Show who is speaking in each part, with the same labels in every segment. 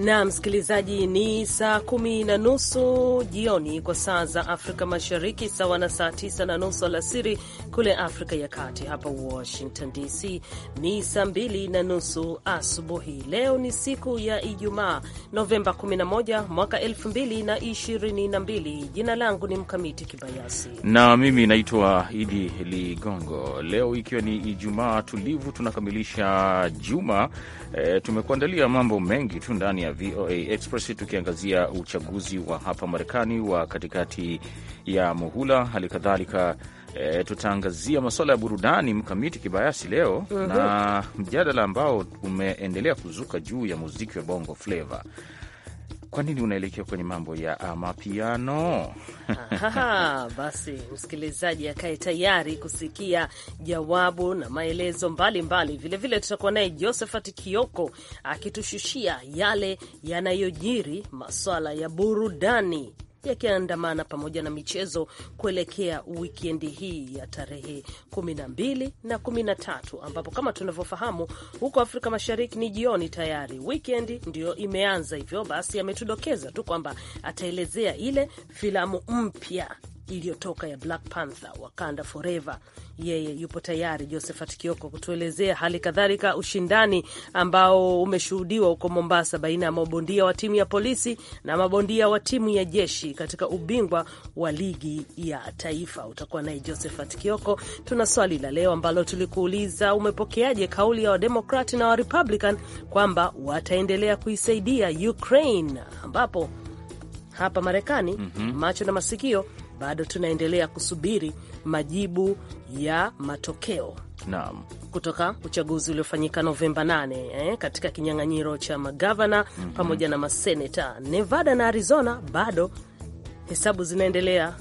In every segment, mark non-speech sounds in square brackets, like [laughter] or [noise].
Speaker 1: na msikilizaji, ni saa kumi na nusu jioni kwa saa za Afrika Mashariki, sawa na saa tisa na nusu alasiri kule Afrika ya Kati. Hapa Washington DC ni saa mbili na nusu asubuhi. Leo ni siku ya Ijumaa, Novemba 11 mwaka 2022. Jina langu ni Mkamiti Kibayasi
Speaker 2: na mimi naitwa Idi Ligongo. Leo ikiwa ni Ijumaa tulivu, tunakamilisha juma. E, tumekuandalia mambo mengi tu ndani ya VOA Express tukiangazia uchaguzi wa hapa Marekani wa katikati ya muhula. Hali kadhalika e, tutaangazia masuala ya burudani mkamiti kibayasi leo mm -hmm. na mjadala ambao umeendelea kuzuka juu ya muziki wa bongo flava kwa nini unaelekea kwenye mambo ya amapiano?
Speaker 1: basi msikilizaji akae tayari kusikia jawabu na maelezo mbalimbali. Vilevile tutakuwa naye Josephat Kioko akitushushia yale yanayojiri maswala ya burudani yakiandamana pamoja na michezo kuelekea wikendi hii ya tarehe 12 na 13, ambapo kama tunavyofahamu huko Afrika Mashariki ni jioni tayari, wikendi ndiyo imeanza. Hivyo basi ametudokeza tu kwamba ataelezea ile filamu mpya iliyotoka ya Black Panther Wakanda Forever. Yeye yupo tayari Josephat Kioko kutuelezea hali kadhalika ushindani ambao umeshuhudiwa huko Mombasa baina ya mabondia wa timu ya polisi na mabondia wa timu ya jeshi katika ubingwa wa ligi ya taifa. Utakuwa naye Josephat Kioko. Tuna swali la leo ambalo tulikuuliza, umepokeaje kauli ya Wademokrati na Warepublican kwamba wataendelea kuisaidia Ukraine ambapo hapa Marekani mm -hmm. macho na masikio bado tunaendelea kusubiri majibu ya matokeo Naam. kutoka uchaguzi uliofanyika Novemba 8 eh, katika kinyang'anyiro cha magavana mm -hmm. pamoja na maseneta Nevada na Arizona, bado hesabu zinaendelea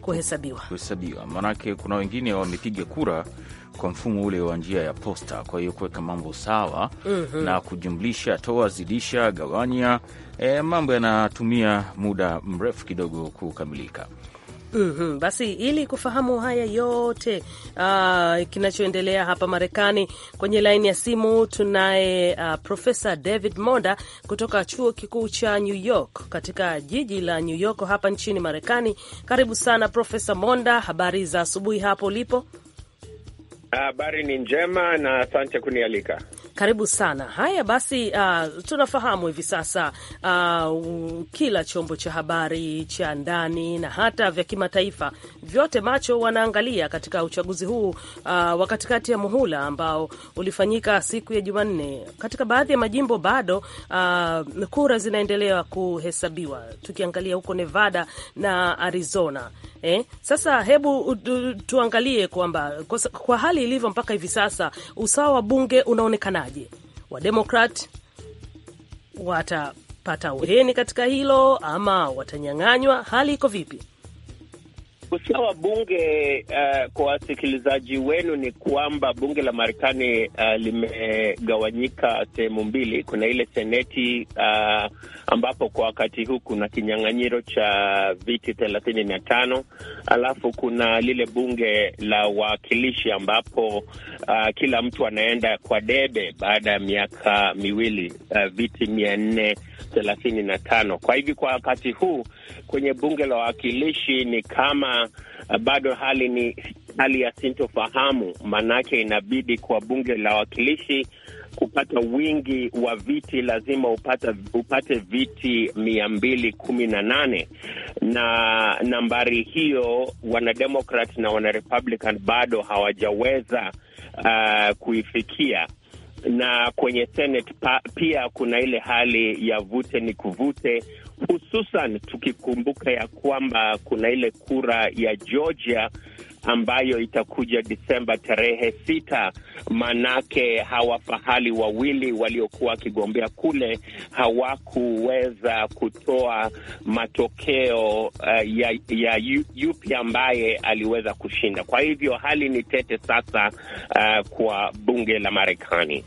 Speaker 1: kuhesabiwa
Speaker 2: kuhesabiwa, maanake kuna wengine wamepiga kura kwa mfumo ule wa njia ya posta, kwa hiyo kuweka mambo sawa mm -hmm. na kujumlisha, toa, zidisha, gawanya, e, mambo yanatumia muda mrefu kidogo kukamilika.
Speaker 1: Mm -hmm. Basi ili kufahamu haya yote uh, kinachoendelea hapa Marekani, kwenye laini ya simu tunaye uh, ah, Profesa David Monda kutoka chuo kikuu cha New York katika jiji la New York hapa nchini Marekani. Karibu sana Profesa Monda, habari za asubuhi hapo ulipo?
Speaker 3: Habari ni njema na asante kunialika.
Speaker 1: Karibu sana. Haya basi, uh, tunafahamu hivi sasa uh, kila chombo cha habari cha ndani na hata vya kimataifa, vyote macho wanaangalia katika uchaguzi huu uh, wa katikati ya muhula ambao ulifanyika siku ya Jumanne. Katika baadhi ya majimbo bado uh, kura zinaendelea kuhesabiwa, tukiangalia huko Nevada na Arizona Eh, sasa hebu tuangalie kwamba kwa, kwa hali ilivyo mpaka hivi sasa usawa wa bunge unaonekanaje? Wademokrat watapata uheni katika hilo ama watanyang'anywa? Hali iko vipi?
Speaker 3: usawa bunge uh, kwa wasikilizaji wenu ni kwamba bunge la Marekani uh, limegawanyika sehemu mbili. Kuna ile seneti uh, ambapo kwa wakati huu kuna kinyang'anyiro cha viti thelathini na tano alafu kuna lile bunge la wawakilishi ambapo uh, kila mtu anaenda kwa debe baada ya miaka miwili uh, viti mia nne thelathini na tano. Kwa hivyo kwa wakati huu kwenye bunge la wawakilishi ni kama uh, bado hali ni hali ya sintofahamu, maanake inabidi kwa bunge la wawakilishi kupata wingi wa viti lazima upata, upate viti mia mbili kumi na nane na nambari hiyo wanademokrat na wanarepublican bado hawajaweza uh, kuifikia na kwenye Senate pa, pia kuna ile hali ya vute ni kuvute, hususan tukikumbuka ya kwamba kuna ile kura ya Georgia ambayo itakuja Disemba tarehe sita. Manake hawa fahali wawili waliokuwa wakigombea kule hawakuweza kutoa matokeo uh, ya, ya yupi ambaye aliweza kushinda. Kwa hivyo hali ni tete sasa, uh, kwa bunge la Marekani.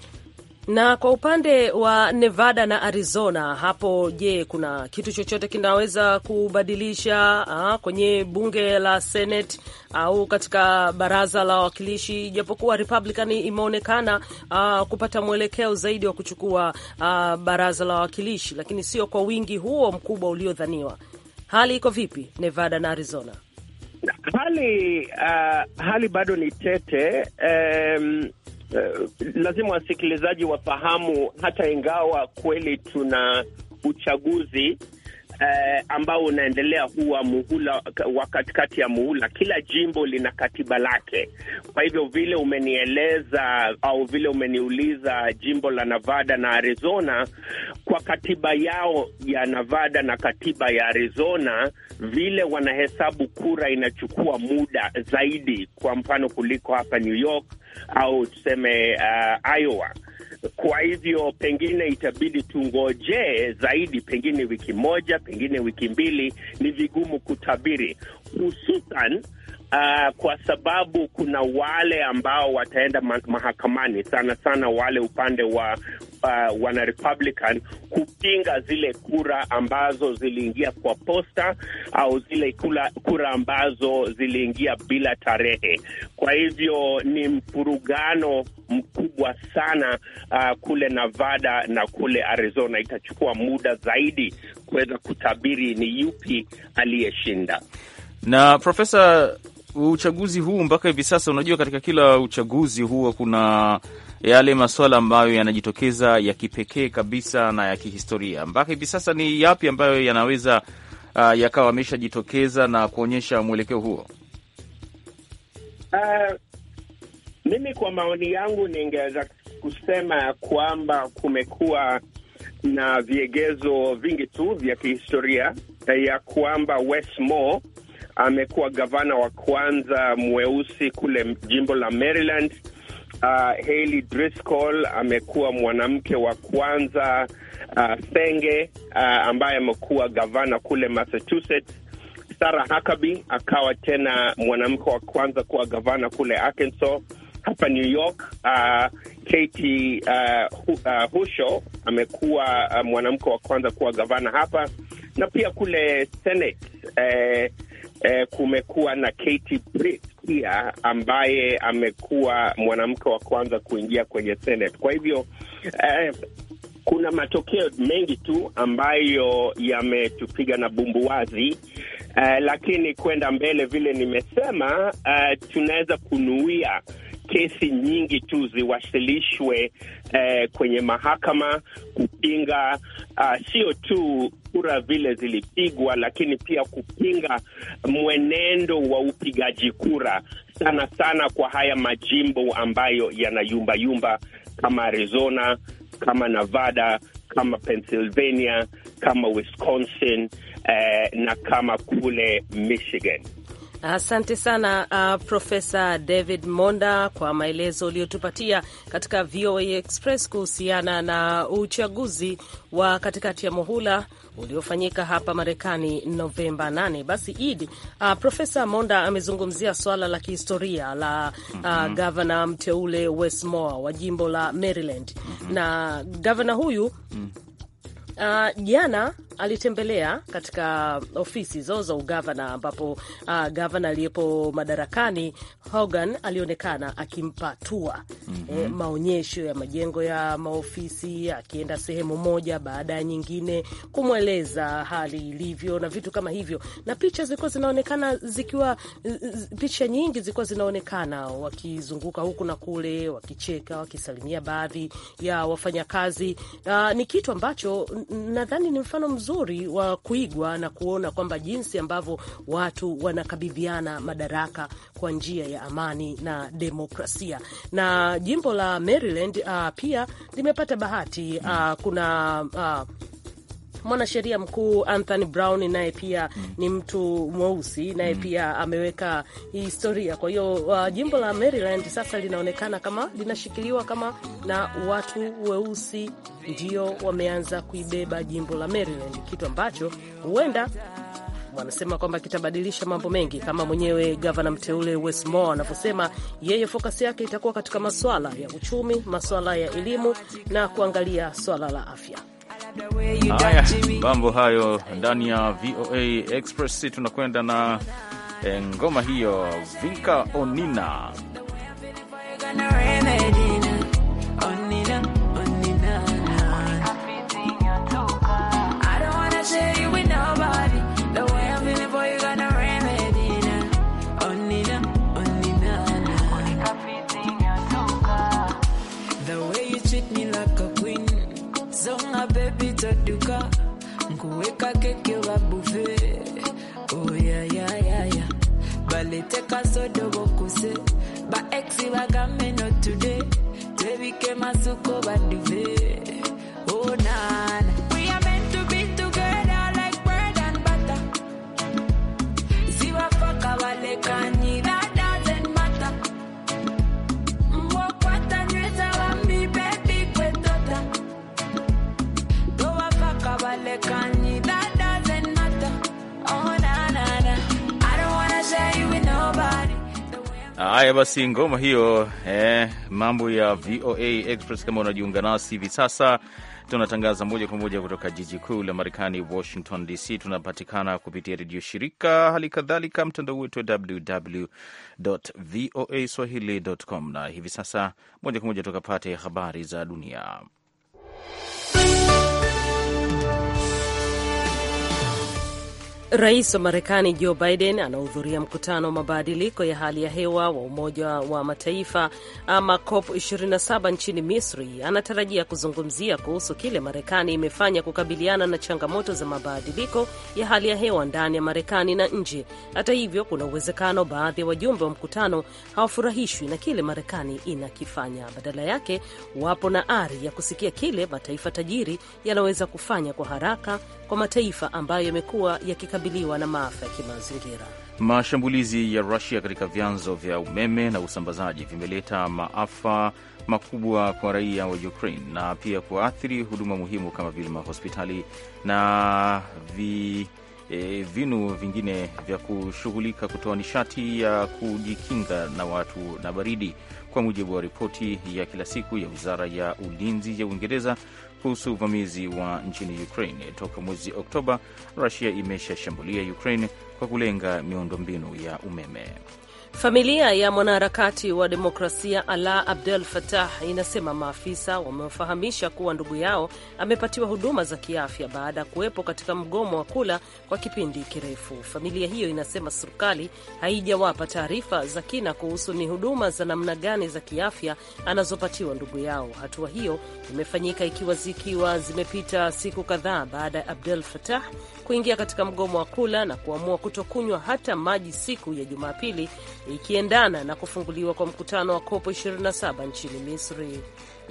Speaker 1: Na kwa upande wa Nevada na Arizona hapo, je, kuna kitu chochote kinaweza kubadilisha ah, kwenye bunge la Senate au katika baraza la wawakilishi? Japokuwa Republican imeonekana ah, kupata mwelekeo zaidi wa kuchukua ah, baraza la wawakilishi, lakini sio kwa wingi huo mkubwa uliodhaniwa. Hali iko vipi Nevada na Arizona?
Speaker 3: Hali, uh, hali bado ni tete um... Eh, lazima wasikilizaji wafahamu, hata ingawa kweli tuna uchaguzi eh, ambao unaendelea huwa muhula wa katikati ya muhula. Kila jimbo lina katiba lake. Kwa hivyo vile umenieleza au vile umeniuliza jimbo la Nevada na Arizona, kwa katiba yao ya Nevada na katiba ya Arizona, vile wanahesabu kura inachukua muda zaidi, kwa mfano kuliko hapa New York au tuseme uh, Iowa. Kwa hivyo pengine itabidi tungojee zaidi, pengine wiki moja, pengine wiki mbili. Ni vigumu kutabiri, hususan Uh, kwa sababu kuna wale ambao wataenda mahakamani sana sana wale upande wa uh, wana Republican kupinga zile kura ambazo ziliingia kwa posta au zile kura, kura ambazo ziliingia bila tarehe. Kwa hivyo ni mpurugano mkubwa sana uh, kule Nevada na kule Arizona. Itachukua muda zaidi kuweza kutabiri ni yupi aliyeshinda.
Speaker 2: Na profesa, uchaguzi huu mpaka hivi sasa, unajua katika kila uchaguzi huwa kuna yale masuala ambayo yanajitokeza ya kipekee kabisa na ya kihistoria mpaka hivi sasa, ni yapi ambayo yanaweza uh, yakawa ameshajitokeza na kuonyesha mwelekeo huo?
Speaker 3: Uh, mimi kwa maoni yangu ningeweza kusema kwamba kumekuwa na viegezo vingi tu vya kihistoria eh, ya kwamba Westmore amekuwa gavana wa kwanza mweusi kule jimbo la Maryland uh, ah, Hailey Driscoll amekuwa mwanamke wa kwanza uh, ah, senge uh, ah, ambaye amekuwa gavana kule Massachusetts. Sarah Huckabee akawa tena mwanamke wa kwanza kuwa gavana kule Arkansas. Hapa New York uh, Katie uh, hu, uh, Husho amekuwa uh, mwanamke wa kwanza kuwa gavana hapa, na pia kule Senate eh, eh, kumekuwa na Katie Britt Kia ambaye amekuwa mwanamke wa kwanza kuingia kwenye Senate. Kwa hivyo eh, kuna matokeo mengi tu ambayo yametupiga na bumbuwazi. eh, lakini kwenda mbele, vile nimesema, eh, tunaweza kunuia kesi nyingi tu ziwasilishwe eh, kwenye mahakama kupinga ah, sio uh, tu kura vile zilipigwa, lakini pia kupinga mwenendo wa upigaji kura, sana sana kwa haya majimbo ambayo yanayumbayumba kama Arizona, kama Nevada, kama Pennsylvania, kama Wisconsin eh, na kama kule Michigan.
Speaker 1: Asante sana uh, Profesa David Monda kwa maelezo uliyotupatia katika VOA Express kuhusiana na uchaguzi wa katikati ya muhula uliofanyika hapa Marekani Novemba 8. Basi Id, uh, Profesa Monda amezungumzia swala la kihistoria la uh, mm -hmm. gavana mteule Westmore wa jimbo la Maryland mm -hmm. na gavana huyu mhm. uh, jana uh, alitembelea katika ofisi zo za ugavana ambapo uh, gavana aliyepo madarakani Hogan alionekana akimpatua mm -hmm. eh, maonyesho ya majengo ya maofisi, akienda sehemu moja baada ya nyingine kumweleza hali ilivyo na vitu kama hivyo, na picha zilikuwa zinaonekana zikiwa z, picha nyingi zilikuwa zinaonekana wakizunguka huku na kule, wakicheka, wakisalimia baadhi ya wafanyakazi. Uh, ni kitu ambacho nadhani ni mfano uzuri wa kuigwa na kuona kwamba jinsi ambavyo watu wanakabidhiana madaraka kwa njia ya amani na demokrasia. Na jimbo la Maryland uh, pia limepata bahati uh, kuna uh, mwanasheria mkuu Anthony Brown naye pia mm. ni mtu mweusi naye mm. pia ameweka historia. Kwa hiyo uh, jimbo la Maryland sasa linaonekana kama linashikiliwa kama na watu weusi, ndio wameanza kuibeba jimbo la Maryland, kitu ambacho huenda wanasema kwamba kitabadilisha mambo mengi, kama mwenyewe gavana mteule Westmore anavyosema, yeye fokasi yake itakuwa katika maswala ya uchumi, maswala ya elimu na kuangalia swala la afya.
Speaker 2: Haya, mambo hayo ndani ya VOA Express. Tunakwenda na eh, ngoma hiyo, Vinka Onina Haya basi, ngoma hiyo eh, mambo ya VOA Express. Kama unajiunga nasi hivi sasa, tunatangaza moja kwa moja kutoka jiji kuu la Marekani, Washington DC. Tunapatikana kupitia redio shirika, hali kadhalika mtandao wetu wa www voa swahili.com, na hivi sasa moja kwa moja tukapate habari za dunia.
Speaker 1: Rais wa Marekani Joe Biden anahudhuria mkutano wa mabadiliko ya hali ya hewa wa Umoja wa Mataifa ama COP 27 nchini Misri. Anatarajia kuzungumzia kuhusu kile Marekani imefanya kukabiliana na changamoto za mabadiliko ya hali ya hewa ndani ya Marekani na nje. Hata hivyo, kuna uwezekano baadhi ya wajumbe wa mkutano hawafurahishwi na kile Marekani inakifanya. Badala yake, wapo na ari ya kusikia kile mataifa tajiri yanaweza kufanya kwa haraka kwa mataifa ambayo yamekuwa yakikabiliana kukabiliwa na maafa ya kimazingira.
Speaker 2: Mashambulizi ya Rusia katika vyanzo vya umeme na usambazaji vimeleta maafa makubwa kwa raia wa Ukraine na pia kuathiri huduma muhimu kama vile mahospitali na vi, e, vinu vingine vya kushughulika kutoa nishati ya kujikinga na watu na baridi, kwa mujibu wa ripoti ya kila siku ya wizara ya ulinzi ya Uingereza kuhusu uvamizi wa nchini Ukraine. Toka mwezi Oktoba, Rusia imeshashambulia Ukraine kwa kulenga miundombinu ya umeme.
Speaker 1: Familia ya mwanaharakati wa demokrasia Ala Abdel Fattah inasema maafisa wamewafahamisha kuwa ndugu yao amepatiwa huduma za kiafya baada ya kuwepo katika mgomo wa kula kwa kipindi kirefu. Familia hiyo inasema serikali haijawapa taarifa za kina kuhusu ni huduma za namna gani za kiafya anazopatiwa ndugu yao. Hatua hiyo imefanyika ikiwa zikiwa zimepita siku kadhaa baada ya Abdel Fattah kuingia katika mgomo wa kula na kuamua kutokunywa hata maji siku ya Jumapili ikiendana na kufunguliwa kwa mkutano wa kopo 27 nchini Misri.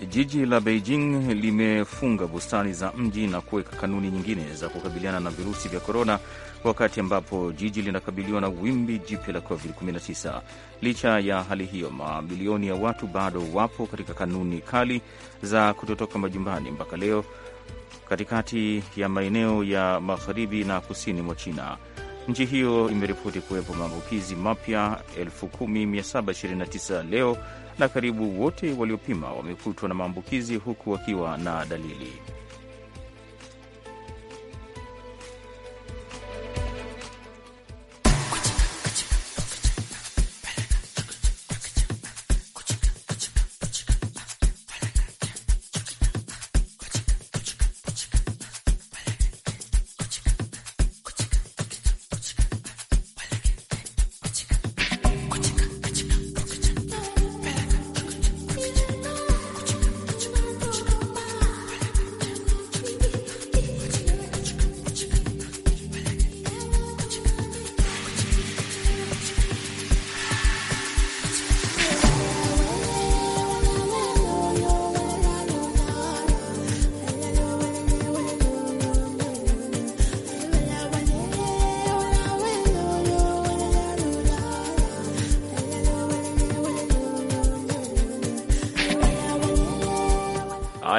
Speaker 2: Jiji la Beijing limefunga bustani za mji na kuweka kanuni nyingine za kukabiliana na virusi vya korona, wakati ambapo jiji linakabiliwa na wimbi jipya la COVID-19. Licha ya hali hiyo, mabilioni ya watu bado wapo katika kanuni kali za kutotoka majumbani mpaka leo katikati ya maeneo ya magharibi na kusini mwa China. Nchi hiyo imeripoti kuwepo maambukizi mapya 10729 leo na karibu wote waliopima wamekutwa na maambukizi huku wakiwa na dalili.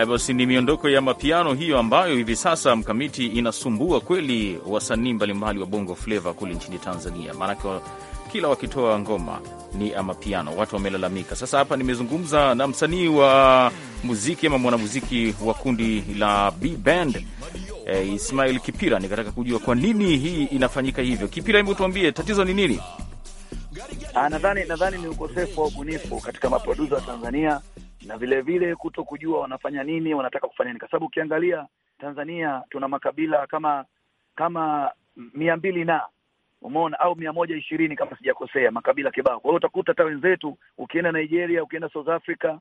Speaker 2: Haya basi, ni miondoko ya mapiano hiyo ambayo hivi sasa mkamiti inasumbua kweli wasanii mbalimbali wa bongo fleva kule nchini Tanzania, maanake kila wakitoa ngoma ni amapiano, watu wamelalamika. Sasa hapa nimezungumza na msanii wa muziki ama mwanamuziki wa kundi la B Band eh, Ismail Kipira, nikataka kujua kwa nini hii inafanyika hivyo. Kipira, hebu tuambie tatizo ni nini?
Speaker 4: Ah, nadhani nadhani ni ukosefu wa ubunifu katika maprodusa wa Tanzania na vilevile kuto kujua wanafanya nini, wanataka kufanya nini, kwa sababu ukiangalia Tanzania tuna makabila kama kama mia mbili na umeona au mia moja ishirini kama sijakosea, makabila kibao. Kwa hiyo utakuta hata wenzetu ukienda Nigeria, ukienda South Africa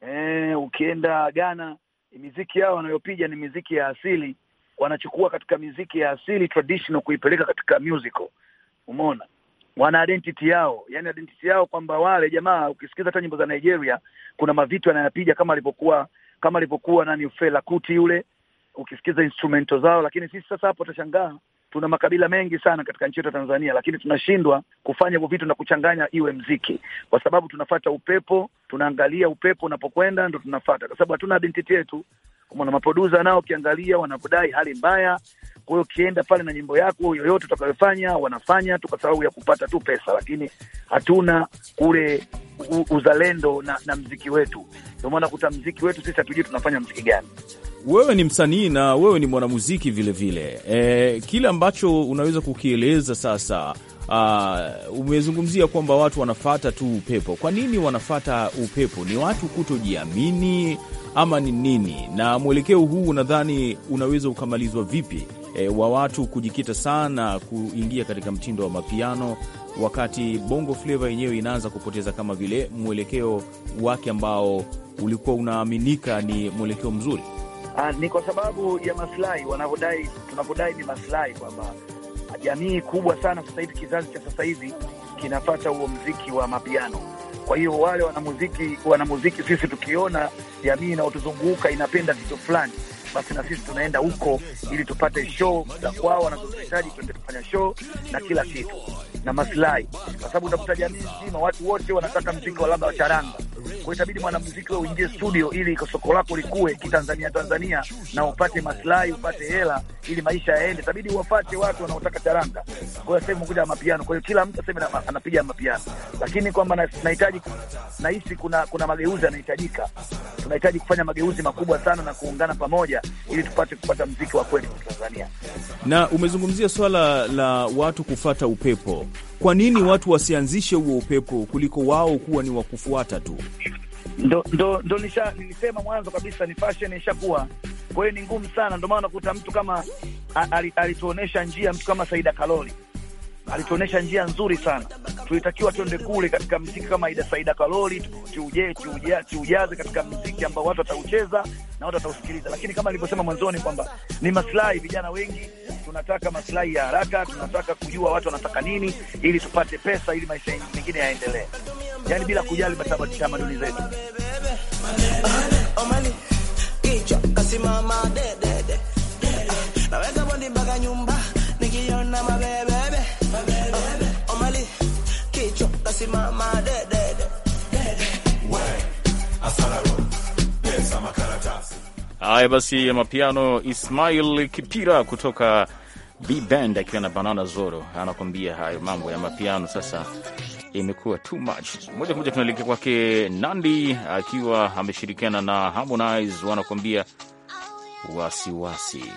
Speaker 4: eh, ukienda Ghana, miziki yao wanayopiga ni miziki ya asili, wanachukua katika miziki ya asili traditional kuipeleka katika musical, umeona wana identity yao, yani identity yao kwamba wale jamaa, ukisikiza hata nyimbo za Nigeria kuna mavitu anayapiga kama alivyokuwa kama alivyokuwa nani Fela Kuti yule, ukisikiza instrumento zao. Lakini sisi sasa hapo utashangaa tuna makabila mengi sana katika nchi yetu ya Tanzania, lakini tunashindwa kufanya hivyo vitu na kuchanganya iwe mziki, kwa sababu tunafata upepo, tunaangalia upepo unapokwenda ndo tunafata, kwa sababu hatuna identity yetu. Kuna mapoduza nao ukiangalia wanavyodai hali mbaya kwa hiyo ukienda pale na nyimbo yako yoyote utakayofanya, wanafanya tu kwa sababu ya kupata tu pesa, lakini hatuna ule uzalendo na, na mziki wetu. Ndio maana kuta mziki wetu sisi hatujui tunafanya mziki gani.
Speaker 2: Wewe ni msanii na wewe ni mwanamuziki vilevile. E, kile ambacho unaweza kukieleza sasa Uh, umezungumzia kwamba watu wanafata tu upepo. Kwa nini wanafata upepo? Ni watu kutojiamini ama ni nini? Na mwelekeo huu unadhani unaweza ukamalizwa vipi? e, wa watu kujikita sana kuingia katika mtindo wa mapiano, wakati bongo fleva yenyewe inaanza kupoteza kama vile mwelekeo wake ambao ulikuwa unaaminika ni mwelekeo mzuri.
Speaker 4: Aa, ah, ni kwa sababu ya maslahi wanavyodai, tunavyodai ni maslahi kwamba jamii kubwa sana sasa hivi, kizazi cha sasa hivi kinafata huo mziki wa mapiano. Kwa hiyo wale wanamuziki, wanamuziki sisi tukiona jamii inayotuzunguka inapenda vitu fulani basi na sisi tunaenda huko ili tupate show za kwao wanazozihitaji, tuende tufanya show na kila kitu na maslahi, kwa sababu unakuta jamii nzima watu wote wanataka mziki wa labda wa charanga kwa itabidi mwanamuziki wewe uingie studio ili soko lako likue kitanzania Tanzania, na upate maslahi upate hela ili maisha yaende, itabidi uwafate watu wanaotaka taranga. Kwa hiyo sasa mkuja mapiano, kwa hiyo kila mtu aseme anapiga mapiano, lakini kwamba nahitaji nahisi kuna kuna mageuzi yanahitajika. Tunahitaji kufanya mageuzi makubwa sana na kuungana pamoja ili tupate kupata mziki wa kweli Tanzania.
Speaker 2: Na umezungumzia swala la watu kufata upepo kwa
Speaker 4: nini watu wasianzishe huo upepo kuliko wao kuwa ni wakufuata tu? Ndo, ndo, ndo nisha, nilisema mwanzo kabisa ni fashion ishakuwa, kwa hiyo ni ngumu sana. Ndo maana unakuta mtu kama alituonyesha njia, mtu kama Saida Kaloli alituonyesha njia nzuri sana. Tulitakiwa twende kule katika mziki kama Ida Saida Kaloli, tuujaze tuuje, katika mziki ambao watu wataucheza na watu watausikiliza, lakini kama nilivyosema mwanzoni kwamba ni maslahi, vijana wengi tunataka maslahi ya haraka, tunataka kujua watu wanataka nini ili tupate pesa, ili maisha mengine yaendelee, yani bila kujali tamaduni zetu.
Speaker 5: dedede
Speaker 2: Haya basi, mapiano Ismail Kipira kutoka B Band akiwa na Banana Zoro anakuambia hayo mambo ya mapiano. Sasa imekuwa too much. Moja kwa moja tunaelekea kwake Nandi akiwa ameshirikiana na Harmonize wanakwambia wasiwasi. wasi.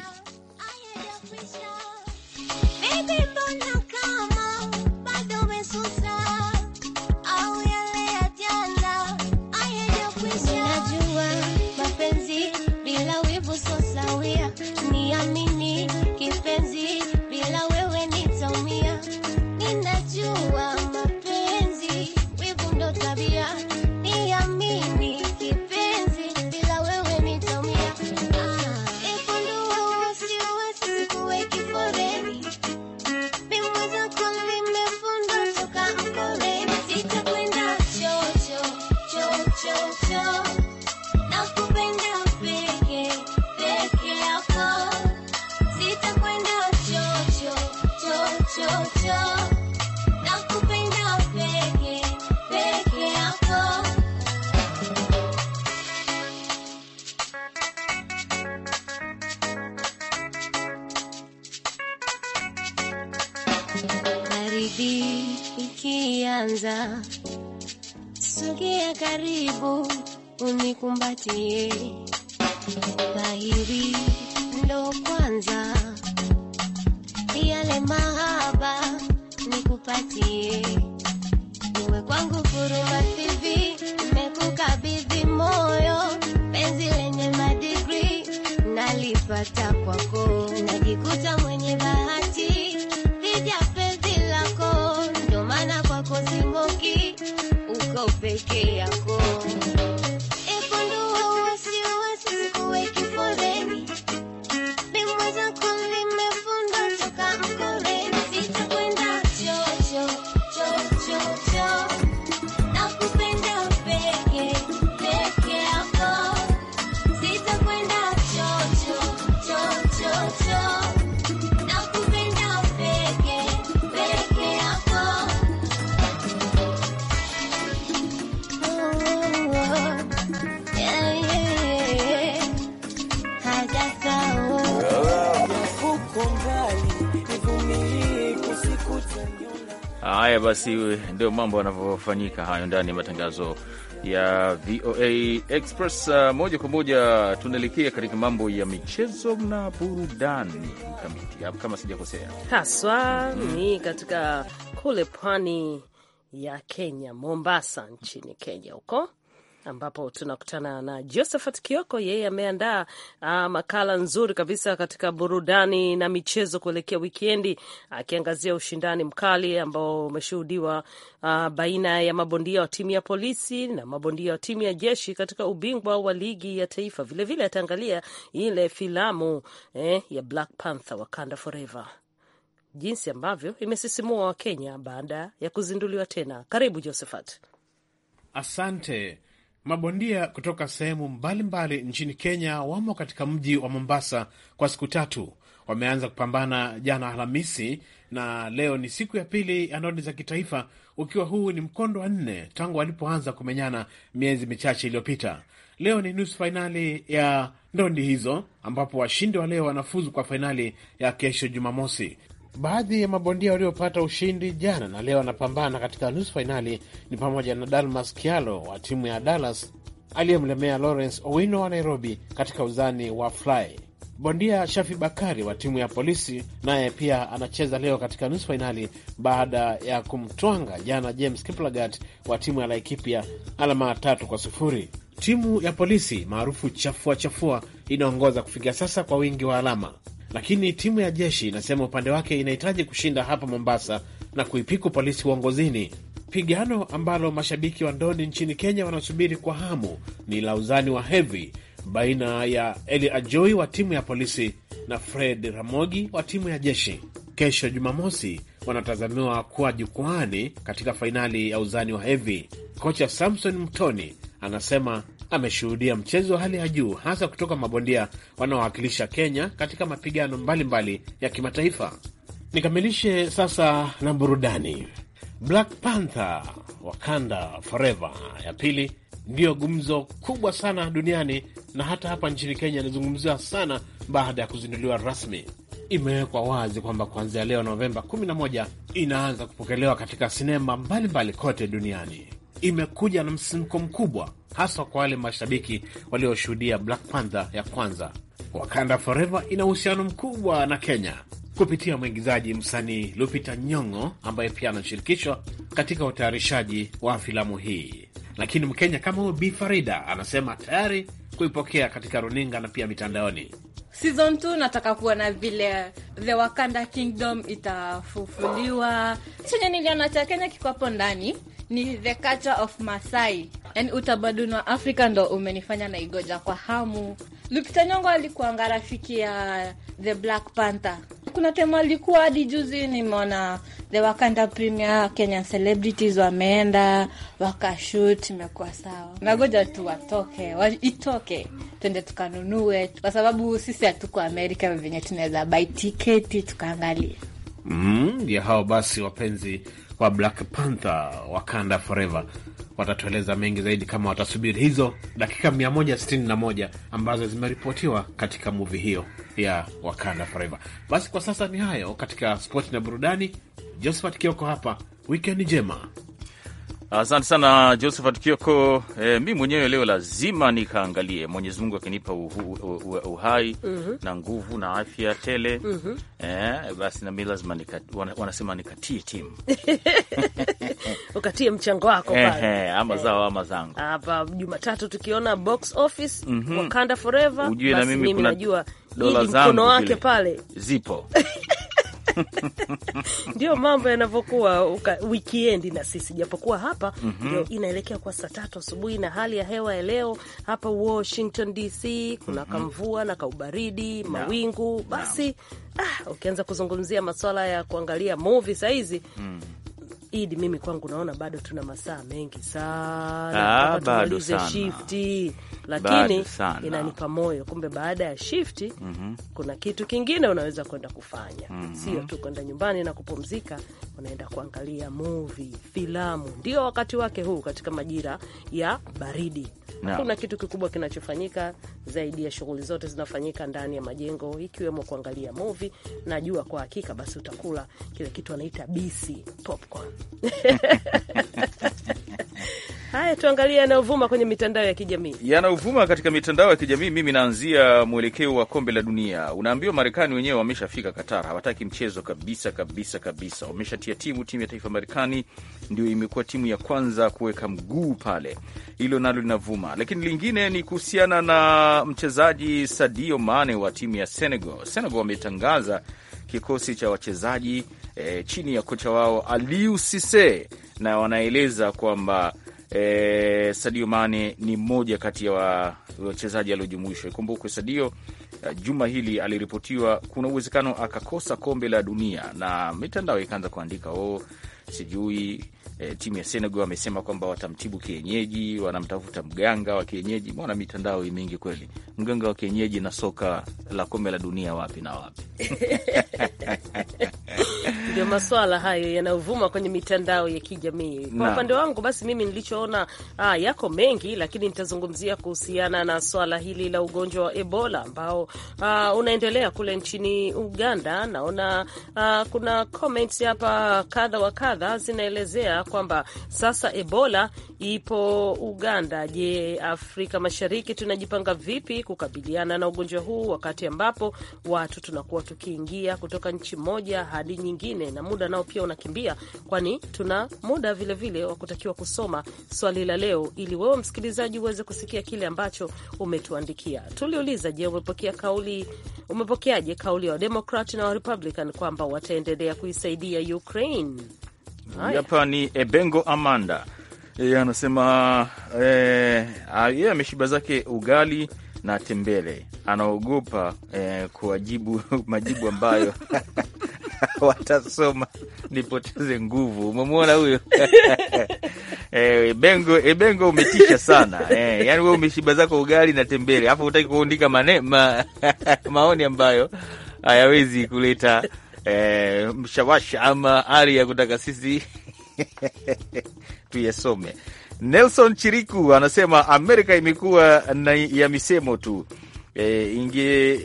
Speaker 5: Baridi ikianza, sogea karibu unikumbatie, dhahiri ndo kwanza yale mahaba nikupatie, uwe kwangu kuruma tv nimekukabidhi moyo, penzi lenye madigri nalipata kwako, najikuta mwenye
Speaker 2: basi ndio mambo yanavyofanyika hayo ndani ya matangazo ya VOA Express. Uh, moja kwa moja tunaelekea katika mambo ya michezo na burudani mkamiti, kama sijakosea
Speaker 1: haswa mm, ni katika kule pwani ya Kenya, Mombasa nchini Kenya huko ambapo tunakutana na Josephat Kioko. Yeye ameandaa uh, makala nzuri kabisa katika burudani na michezo kuelekea wikendi, akiangazia uh, ushindani mkali ambao umeshuhudiwa uh, baina ya mabondia wa timu ya polisi na mabondia wa timu ya jeshi katika ubingwa wa ligi ya taifa. Vilevile ataangalia ile filamu eh, ya Black Panther Wakanda Forever, jinsi ambavyo imesisimua Wakenya baada ya kuzinduliwa tena. Karibu Josephat.
Speaker 6: Asante. Mabondia kutoka sehemu mbalimbali nchini Kenya wamo katika mji wa Mombasa kwa siku tatu. Wameanza kupambana jana Alhamisi na leo ni siku ya pili ya ndondi za kitaifa, ukiwa huu ni mkondo wa nne tangu walipoanza kumenyana miezi michache iliyopita. Leo ni nusu fainali ya ndondi hizo, ambapo washindi wa leo wanafuzu kwa fainali ya kesho Jumamosi. Baadhi ya mabondia waliopata ushindi jana na leo wanapambana katika nusu fainali ni pamoja na Dalmas Kialo wa timu ya Dallas aliyemlemea Lawrence Owino wa Nairobi katika uzani wa fly. Bondia Shafi Bakari wa timu ya Polisi naye pia anacheza leo katika nusu fainali baada ya kumtwanga jana James Kiplagat wa timu ya Laikipia alama tatu kwa sufuri. Timu ya Polisi maarufu chafua chafua inaongoza kufikia sasa kwa wingi wa alama lakini timu ya jeshi inasema upande wake inahitaji kushinda hapa Mombasa na kuipiku polisi uongozini. Pigano ambalo mashabiki wa ndondi nchini Kenya wanasubiri kwa hamu ni la uzani wa hevi baina ya Eli Ajoi wa timu ya polisi na Fred Ramogi wa timu ya jeshi. Kesho Jumamosi wanatazamiwa kuwa jukwani katika fainali ya uzani wa hevi. Kocha Samson Mtoni anasema ameshuhudia mchezo wa hali ya juu hasa kutoka mabondia wanaowakilisha Kenya katika mapigano mbalimbali ya kimataifa. Nikamilishe sasa na burudani. Black Panther Wakanda Forever ya pili ndiyo gumzo kubwa sana duniani na hata hapa nchini Kenya inazungumziwa sana baada ya kuzinduliwa rasmi. Imewekwa wazi kwamba kuanzia leo Novemba 11 inaanza kupokelewa katika sinema mbalimbali kote duniani imekuja na msimko mkubwa, haswa kwa wale mashabiki walioshuhudia Black Panther ya kwanza. Wakanda Forever ina uhusiano mkubwa na Kenya kupitia mwigizaji msanii Lupita Nyong'o ambaye pia anashirikishwa katika utayarishaji wa filamu hii. Lakini Mkenya kama huyo Bi Farida anasema tayari kuipokea katika runinga na pia mitandaoni.
Speaker 1: Season 2 nataka kuona vile The Wakanda Kingdom itafufuliwa. Chenye niliona cha Kenya kiko hapo ndani ni the culture of Masai, yani utamaduni wa Afrika ndo umenifanya na igoja kwa hamu. Lupita Nyong'o alikuanga rafiki ya the Black Panther. Kuna tema alikuwa hadi juzi nimeona the Wakanda Premier, Kenya celebrities wameenda wakashut, imekuwa sawa. Nagoja tu watoke wa, itoke tuende tukanunue, kwa sababu sisi hatuko Amerika venye tunaweza
Speaker 7: bai tiketi tukaangalia.
Speaker 6: Mm, ya hao basi wapenzi wa Black Panther Wakanda Forever. Watatueleza mengi zaidi kama watasubiri hizo dakika 161 ambazo zimeripotiwa katika muvi hiyo ya Wakanda Forever. Basi kwa sasa ni hayo katika spoti na burudani. Josephat Kioko hapa, wikendi njema.
Speaker 2: Asante sana Josephat Kioko. E, mi mwenyewe leo lazima nikaangalie, Mwenyezi Mungu akinipa uhai mm -hmm. na nguvu na afya tele mm -hmm. e, basi nami lazima nika, wanasema nikatie timu
Speaker 1: [laughs] ukatie mchango wako pale,
Speaker 2: ama eh. zao ama zangu
Speaker 1: hapa. Jumatatu tukiona box office mm -hmm. Wakanda Forever, ujue na mimi najua dola zangu mkono wake pale
Speaker 2: zipo [laughs] [laughs]
Speaker 1: Ndio mambo yanavyokuwa wikiendi na sisi, japokuwa hapa mm -hmm. inaelekea kwa saa tatu asubuhi, na hali ya hewa ya leo hapa Washington DC kuna mm -hmm. kamvua na kaubaridi, mawingu basi no. Ah, ukianza kuzungumzia masuala ya kuangalia movie sahizi mm -hmm. Idi, mimi kwangu naona bado tuna masaa mengi sana, ah, tumalize shifti, lakini inanipa moyo, kumbe baada ya shifti mm -hmm. kuna kitu kingine unaweza kwenda kufanya mm -hmm. sio tu kwenda nyumbani na kupumzika, unaenda kuangalia movie, filamu. Ndio wakati wake huu katika majira ya baridi hakuna kitu kikubwa kinachofanyika zaidi ya shughuli zote zinafanyika ndani ya majengo, ikiwemo kuangalia movie. Najua kwa hakika basi utakula kile kitu anaita bisi popcorn [laughs] Haya, tuangalie yanayovuma kwenye mitandao ya kijamii.
Speaker 2: Yanayovuma katika mitandao ya kijamii, mimi naanzia mwelekeo wa kombe la dunia. Unaambiwa Marekani wenyewe wameshafika katar hawataki mchezo kabisa kabisa kabisa. Wameshatia timu, timu ya taifa Marekani ndio imekuwa timu ya kwanza kuweka mguu pale, hilo nalo linavuma. Lakini lingine ni kuhusiana na mchezaji Sadio Mane wa timu ya Senegal. Senegal wametangaza kikosi cha wachezaji eh, chini ya kocha wao Aliou Cisse na wanaeleza kwamba E, Sadio Mane ni mmoja kati ya wachezaji aliojumuishwa. Ikumbukwe Sadio eh, juma hili aliripotiwa kuna uwezekano akakosa kombe la dunia, na mitandao ikaanza kuandika oh, sijui e, timu ya Senegal wamesema kwamba watamtibu kienyeji, wanamtafuta mganga wa kienyeji. Mbona mitandao mingi kweli, mganga wa kienyeji na soka la kombe la dunia wapi na wapi? [laughs]
Speaker 1: Ndio maswala hayo yanayovuma kwenye mitandao ya kijamii. Kwa upande wangu, basi mimi nilichoona ah, yako mengi, lakini nitazungumzia kuhusiana na swala hili la ugonjwa wa Ebola ambao ah, unaendelea kule nchini Uganda. Naona ah, kuna comments hapa kadha wa kadha kadhaa zinaelezea kwamba sasa Ebola ipo Uganda. Je, Afrika Mashariki tunajipanga vipi kukabiliana na ugonjwa huu, wakati ambapo watu tunakuwa tukiingia kutoka nchi moja hadi nyingine, na muda nao pia unakimbia, kwani tuna muda vilevile wa kutakiwa kusoma swali la leo, ili wewe msikilizaji uweze kusikia kile ambacho umetuandikia. Tuliuliza, je, umepokea kauli, umepokeaje kauli ya Wademokrat na Warepublican kwamba wataendelea kuisaidia Ukraine? Hapa
Speaker 2: ni Ebengo Amanda yeye anasema eh, ah, yeye ameshiba zake ugali na tembele, anaogopa eh, kuwajibu [laughs] majibu ambayo [laughs] watasoma nipoteze nguvu. Umemwona huyo [laughs] eh, Ebengo? Ebengo, umetisha sana eh, yani we umeshiba zako ugali na tembele, alafu utaki kuandika ma, maoni ambayo hayawezi kuleta eh, mshawasha ama ari ya kutaka sisi [laughs] tuyasome. Nelson Chiriku anasema Amerika imekuwa ya misemo tu eh, inge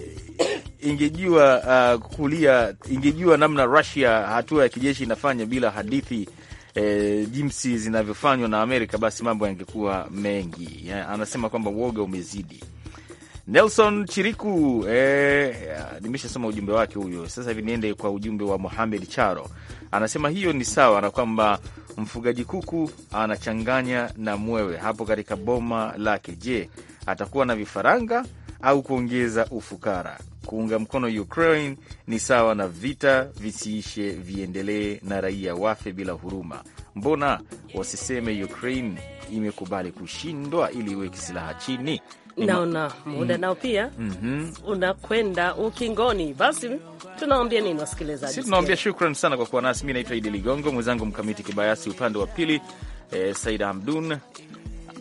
Speaker 2: ingejua uh, kulia ingejua namna Russia hatua ya kijeshi inafanya bila hadithi E, jinsi zinavyofanywa na Amerika basi mambo yangekuwa mengi. Ya, anasema kwamba uoga umezidi. Nelson Chiriku eh, nimeshasoma ujumbe wake huyo. Sasa hivi niende kwa ujumbe wa muhamed Charo, anasema hiyo ni sawa na kwamba mfugaji kuku anachanganya na mwewe hapo katika boma lake. Je, atakuwa na vifaranga au kuongeza ufukara? Kuunga mkono Ukraine ni sawa na vita visiishe, viendelee na raia wafe bila huruma. Mbona wasiseme Ukraine imekubali kushindwa ili iweke silaha chini?
Speaker 1: naona muda mm. nao pia
Speaker 2: mm -hmm.
Speaker 1: unakwenda ukingoni. Basi tunawambia nini wasikilizaji? Si tunaambia
Speaker 2: shukran sana kwa kuwa nasi. Mi naitwa Idi Ligongo, mwenzangu Mkamiti Kibayasi upande wa pili, eh, Saida Hamdun.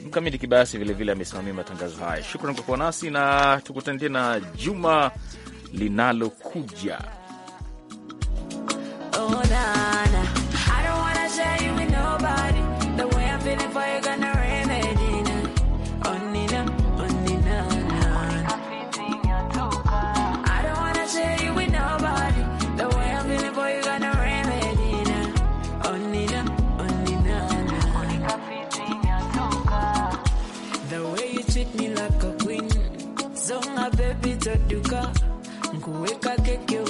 Speaker 2: Mkamiti Kibayasi vilevile amesimamia matangazo haya. Shukran kwa kuwa nasi na tukutane tena juma linalokuja.